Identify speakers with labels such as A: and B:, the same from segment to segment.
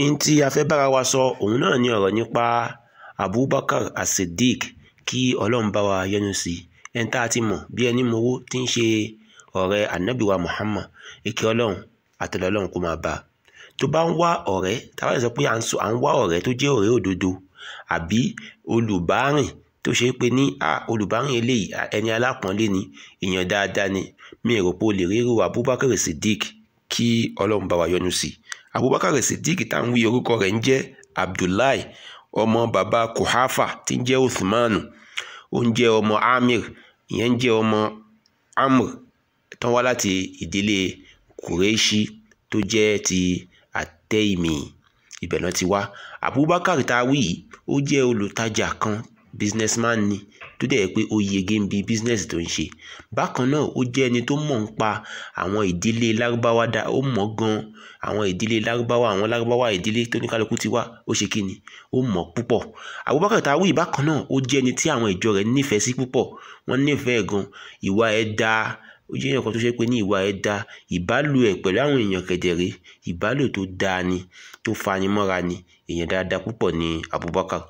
A: n tí a fẹ́ bára wa sọ òun náà ni ọ̀rọ̀ nípa abubakar as-siddiq kí ọlọ́run bá wa yọ́nú sí i ẹni tá a ti mọ̀ bí ẹni mowó tí ń ṣe ọ̀rẹ́ anabiwa muhammad ìkẹ́ ọlọ́run àtẹ̀lẹ́ ọlọ́run kó máa bá a tó bá ń wá ọ̀rẹ́ táwọn sọ pé à ń wá ọ̀rẹ́ tó jẹ́ ọ̀rẹ́ òdodo àbí olùbárìn tó ṣe pé ní olùbárìn eléyìí ẹni alápọ̀nlé ni èèyàn dáadáa ni mi rò pé o lè rí irú abubakar as-siddiq kí ọlọ́run bá wa yọ́nú sí i abubakar siddiq tá à wí orúkọ rẹ̀ ń jẹ́ abdullahi ọmọ baba kuhafa tí ń jẹ́ usmanu ó ń jẹ́ ọmọ amir ìyẹn ń jẹ́ ọmọ amr tán wá láti ìdílé kureishi tó jẹ́ ti àtẹ́ìmì ibẹ̀ náà ti wá abubakar tá a wí yìí ó jẹ́ olùtajà kan businessman ni tó dẹ̀ pé ó yege ń bi business tó ń ṣe bákan náà ó jẹ́ ẹni tó mọ̀ ń pa àwọn ìdílé lárúbáwá dá ó mọ̀ gan àwọn ìdílé lárúbáwá àwọn lárúbáwá ìdílé tó ní kálukú ti wá ó ṣe kíni ó mọ̀ púpọ̀ Abubakar Tawi bákan náà ó jẹ́ ẹni tí àwọn ìjọ rẹ̀ nífẹ̀ẹ́ sí púpọ̀ wọ́n nífẹ̀ẹ́ gan ìwà ẹ̀ dáa ó jẹ́ èèyàn kan tó ṣe pé ní ìwà ẹ̀ da ìbálò ẹ̀ pẹ̀lú àwọn èèyàn kedere ìbálò tó dáa ni tó fani mọ́ra ni èèyàn dáadáa púpọ̀ ni Abubakar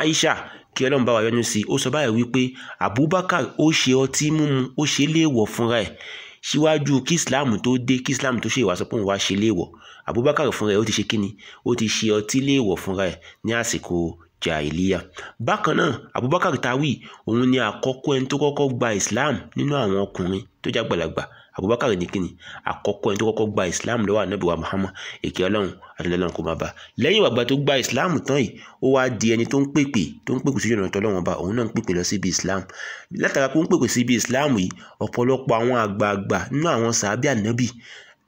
A: Aisha kí ọlọ́run bá wa yọ́nú sí i ó sọ báyìí wípé Abubakar ó ṣe ọtí mímu ó ṣe léèwọ̀ fúnra ẹ̀ síwájú kí Islam tó dé kí Islam tó ṣe ìwàsọ pé wá ṣe léèwọ̀ Abubakar fúnra ẹ̀ ó ti ṣe kíni ó ti ṣe ọtí léèwọ̀ fúnra ẹ̀ ní àsìkò jahiliya bákan náà abubakar tawi òun ni àkọ́kọ́ ẹni tó kọ́kọ́ gba islam nínú àwọn ọkùnrin tó jẹ́ àgbàlagbà abubakar ní kíni àkọ́kọ́ ẹni tó kọ́kọ́ gba islam lọ́wọ́ anabi wa muhammad èké ọlọ́run àtẹlẹ́lọ́run kò máa bá lẹ́yìn ìwàgbà tó gba islam tán yìí ó wá di ẹni tó ń pèpè tó ń pèpè sójú ọ̀nà tọ́lọ́wọ́n bá òun náà ń pèpè lọ síbi islam látara pé ó ń pèpè síbi islam yìí ọ̀pọ̀lọpọ̀ àwọn àgbààgbà nínú àwọn sàábì anabi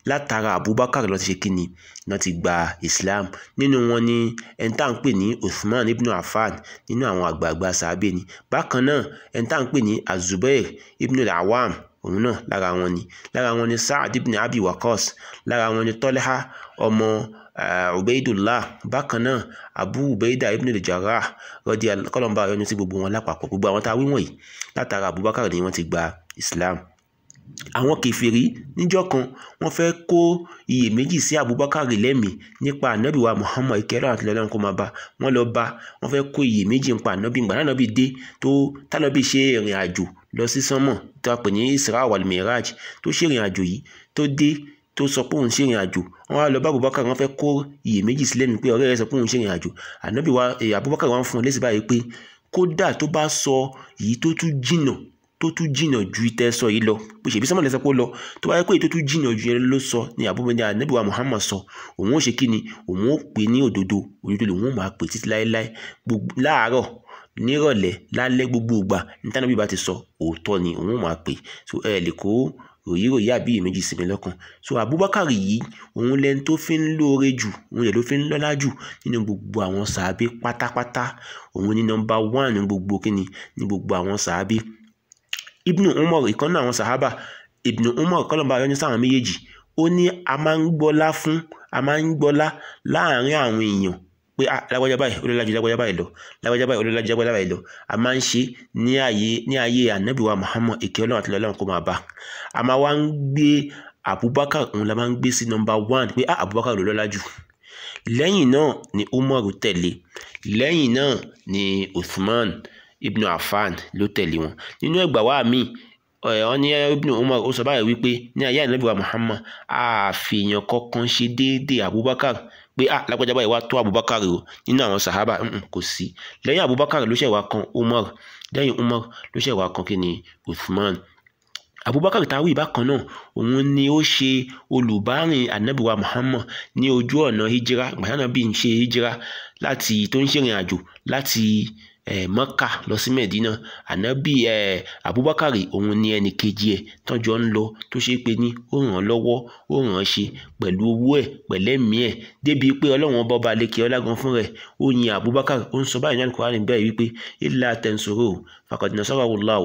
A: látara abubakar ló ti ṣe kíni ló ti gba islam nínú wọn ni ẹni tá à ń pè ní usman ibn affan nínú àwọn àgbààgbà sàábé ni bákan náà ẹni tá à ń pè ní azubair ibn al-awam òun náà lára wọn ni lára wọn ni saad ibn abi wakos lára wọn ni tọ́lẹ́há ọmọ eh, ubaidullah bákan náà abu ubaida ibn al-jarrah rọ́dí kọ́lọ́mbà ọ̀yọ́nu sí gbogbo wọn lápapọ̀ gbogbo àwọn tá a wí wọ̀nyí látara abubakar ni wọ́n ti gba islam àwọn kèfèrí níjọ́ kan wọ́n fẹ́ kó iyèméjì sí abubakar lẹ́mí nípa ànábì wa muhammad ìkẹ́rọ àti lọ́lọ́run kó máa bá wọ́n lọ bá wọ́n fẹ́ kó iyèméjì nípa ànábì ìgbà náà bí dé tó tánàbì ṣe ìrìn àjò lọ sí sánmọ̀ tó a pè ní isra wal miraj tó ṣe ìrìn àjò yìí tó dé tó sọ pé òun ṣe ìrìn àjò wọn wá lọ bá abubakar wọn fẹ́ kó iyèméjì sílẹ̀ ní pé ọ̀rẹ́ rẹ̀ sọ pé òun ṣe ìrìn àjò ànábì wa abubakar wọn fún un lésì báyìí pé kódà tó bá sọ èyí tó tún jìnnà tó tún jìnnà ju ìtẹ́ sọ yìí lọ pé ṣèbí sọ́mọ́ lẹ́sẹ̀ pé ó lọ tó bá yẹ pé tó tún jìnnà ju ló sọ ni àbúmọdé ànábì wa Muhammad sọ òun ó ṣe kí ni òun ó pè ní òdodo òdodo lòun ó máa pè títí láéláé gbogbo láàárọ̀ nírọ̀lẹ́ lálẹ́ gbogbo ìgbà nítorí bí ba ti sọ òótọ́ ni òun ó máa pè so ẹ lè kó ròyìnròyìn àbí ìmẹ́jì sí mi so Abubakar yìí òun lẹni tó fi ń lóore jù òun lẹ̀ ló fi ń lọ́lá jù nínú gbogbo àwọn sàábé pátápátá òun ni nọmba one ní gbogbo kíni ní gbogbo àwọn sàábé ibnu umar ìkan náà àwọn sahaba ibnu umar kọlọmba yọnu sáwọn méjèèjì ó ní a máa ń gbọ́lá fún a máa ń gbọ́lá láàrin àwọn èèyàn pé ah, lágbájá báyìí ó lè lájú lágbájá báyìí lọ lágbájá báyìí ó lè lájú lágbájá báyìí lọ a máa ń ṣe ní ayé ní ayé anabiwa muhammad èké ọlọ́run àti ọlọ́run kó máa bá a máa wá ń gbé abubakar òun la máa ń gbé sí nọ́mbà one pé ah, abubakar ló lọ́lá jù náà ni umar tẹ̀lé lẹ́yìn náà ni usman ibnu afan ló tẹ̀lé wọn nínú ẹgbà wa mi ọ ní ibnu umar ó sọ báyìí wípé ní ayé ànábì wa muhammad àfihàn kankan ṣe déédéé abubakar pé ah lágbájá báyìí wá tó abubakar o nínú àwọn sahaba kò sí lẹ́yìn abubakar ló ṣe wá kan umar lẹ́yìn umar ló ṣe wá kan kí ni uthman abubakar tawi bákan náà òun ni ó ṣe olùbárìn anabiwa muhammad ní ojú ọ̀nà hijira gbàdánà bíi ń ṣe hijira láti tó ń ṣèrìn àjò láti eh, mọ́kà lọ sí mẹ̀dínà ànábì eh, abubakar òun ni ẹnì kejì ẹ̀ tọ́jọ́ ń lọ tó ṣe pé ní ó ràn án lọ́wọ́ ó ràn án ṣe pẹ̀lú owó ẹ̀ pẹ̀lẹ́mìí ẹ̀ débi pé ọlọ́run bọ́ba lékè ọlágan fún rẹ̀ ó yin abubakar ó ń sọ báyìí ní alukóra níbẹ̀ wípé ilà tẹ̀sọ̀rọ̀ faqad nasarahu Allahu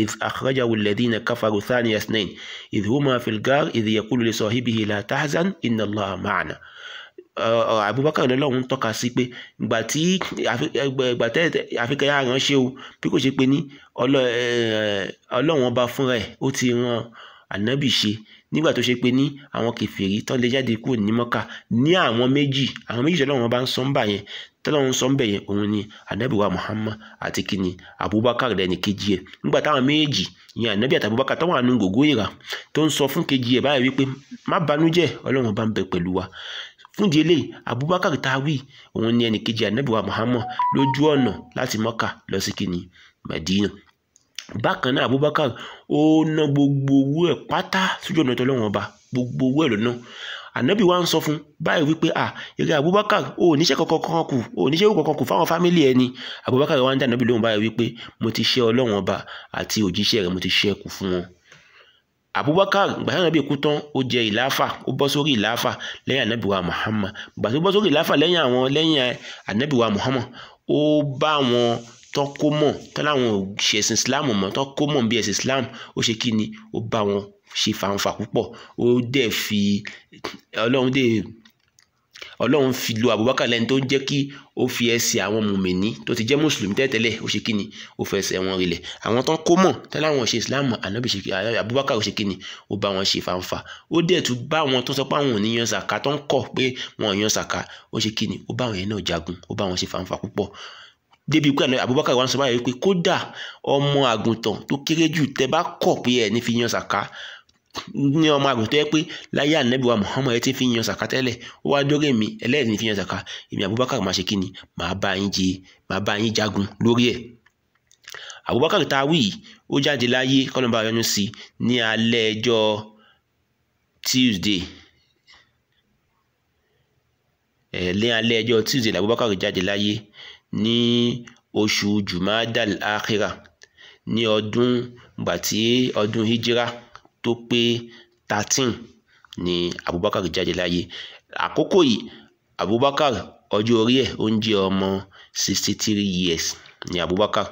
A: idh akhrajahu alladhina kafaru thaniya ithnain idh huma fil ghar idh yaqulu li sahibihi la tahzan inna Allaha ma'ana Abubakar lọ́lọ́run ń tọ́ka sí pé ìgbà tí ìgbà tẹ́ àfikẹ́ yà ránṣẹ́ o bí kò ṣe pé ní ọlọ́run ọba fúnra ẹ̀ ó ti ran ànábì ṣe nígbà tó ṣe pé ní àwọn kẹfìrí tán lè jáde kúrò ní mọ́kà ní àwọn méjì àwọn méjì tọ́lọ́run ọba ń sọ ń bà yẹn tọ́lọ́run sọ ń bẹ̀ yẹn òun ni ànábì wa Muhammad àti kìnì Abubakar lẹ́ni kejì ẹ̀ nígbà táwọn méjì ìyẹn ànábì àti Abubakar táwọn àánú gògó ìrà tó ń sọ fún kejì ẹ̀ báyìí wípé má banújẹ́ ọlọ́run ọba ń bẹ pẹ̀lú wa fún ìdí eléyìí abubakar tawi òun ni ẹnìkejì anabiwa muhammad lójú ọ̀nà láti mọ́kà lọ sí kìnìún madina bákan náà abubakar ó ná gbogbo owó ẹ̀ pátá sójú ọ̀nà tọ́lọ́wọ́n ọba gbogbo owó ẹ̀ lọ́nà anabi wa ń sọ fún báyìí wípé à eré abubakar ò níṣẹ́ kankan kan kù ò níṣẹ́ kankan kù fáwọn fámìlì ẹni abubakar wa ń dá anabi lóhùn báyìí wípé mo ti ṣe ọlọ́wọ́n ọba àti òjíṣẹ́ rẹ̀ mo ti ṣe kù fún wọn abubakar gbàtà nàbí ikú tán ó jẹ ìláfà ó bọ́ sórí ìláfà lẹ́yìn anabiwa muhammad gbàtà ó bọ́ sórí ìláfà lẹ́yìn àwọn lẹ́yìn anabiwa muhammad ó bá wọn tọ́kó mọ̀ tọ́láwọn ò ṣe islam mọ̀ tọ́kó mọ̀ bí ẹ̀sìn islam ó ṣe kí ni ó bá wọn ṣe fàǹfà púpọ̀ ó dẹ̀ fi ọlọ́run dẹ̀ ọlọ́run fi lo Abubakar lẹ́ni tó ń jẹ́ kí ó fi ẹsẹ̀ àwọn mùmìnì tó ti jẹ́ mùsùlùmí tẹ́tẹ́lẹ̀ ó ṣe kíni ó fẹ́ ẹsẹ̀ wọn rilẹ̀ àwọn tán kó mọ̀ tẹ́lẹ̀ àwọn ṣe Islam anabi ṣe Abubakar ó ṣe kíni ó bá wọn ṣe fanfa ó dẹ̀ tún bá wọn tó sọ pé àwọn ò ní yan sàká tó ń kọ̀ pé wọn ò yan sàká ó ṣe kíni ó bá wọn yẹn náà jagun ó bá wọn ṣe fanfa púpọ̀ débi pé àná Abubakar wa ń sọ báyìí pé kódà ọmọ àgùntàn tó kéré jù tẹ bá kọ̀ pé ẹ̀ ní fi yan sàká ní ọmọ àgùntàn yẹ pé láyé ànábì wa Muhammad ẹ ti fi yan sàká tẹ́lẹ̀ ó wá dórí mi ẹlẹ́yìn ní fi yan sàká èmi Abubakar máa ṣe kí ni màá bá yín jẹ màá bá yín jagun lórí ẹ̀ Abubakar tá a wí yìí ó jáde láyé kọ́nọ́bà yọnu sí i ní alẹ́ ẹjọ́ Tuesday ẹ̀ ní alẹ́ ẹjọ́ Tuesday ni Abubakar jáde láyé ní oṣù Jumadal Akhira ní ọdún gbàtí ọdún hijira tó pé thirteen ni Abubakar jáde láyé àkókò yìí Abubakar ọjọ́ orí ẹ̀ ó ń jẹ́ ọmọ sixty three years ni Abubakar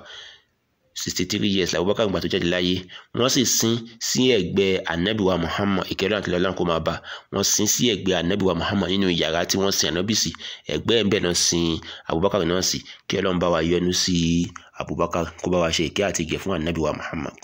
A: sixty three years Abubakar gbà tó jáde láyé wọ́n sì sin sí ẹ̀gbẹ́ anabiwa Muhammad ìkẹrẹ àti lọlá kó máa bá wọ́n sin sí ẹ̀gbẹ́ anabiwa Muhammad nínú yàrá tí wọ́n sin anabisi ẹ̀gbẹ́ ẹbẹ náà sin Abubakar náà sí kí Ọlọ́run bá wa yọ́nú sí Abubakar kó bá wa ṣe ìkẹ́ àti ìgẹ̀ fún anabiwa Muhammad.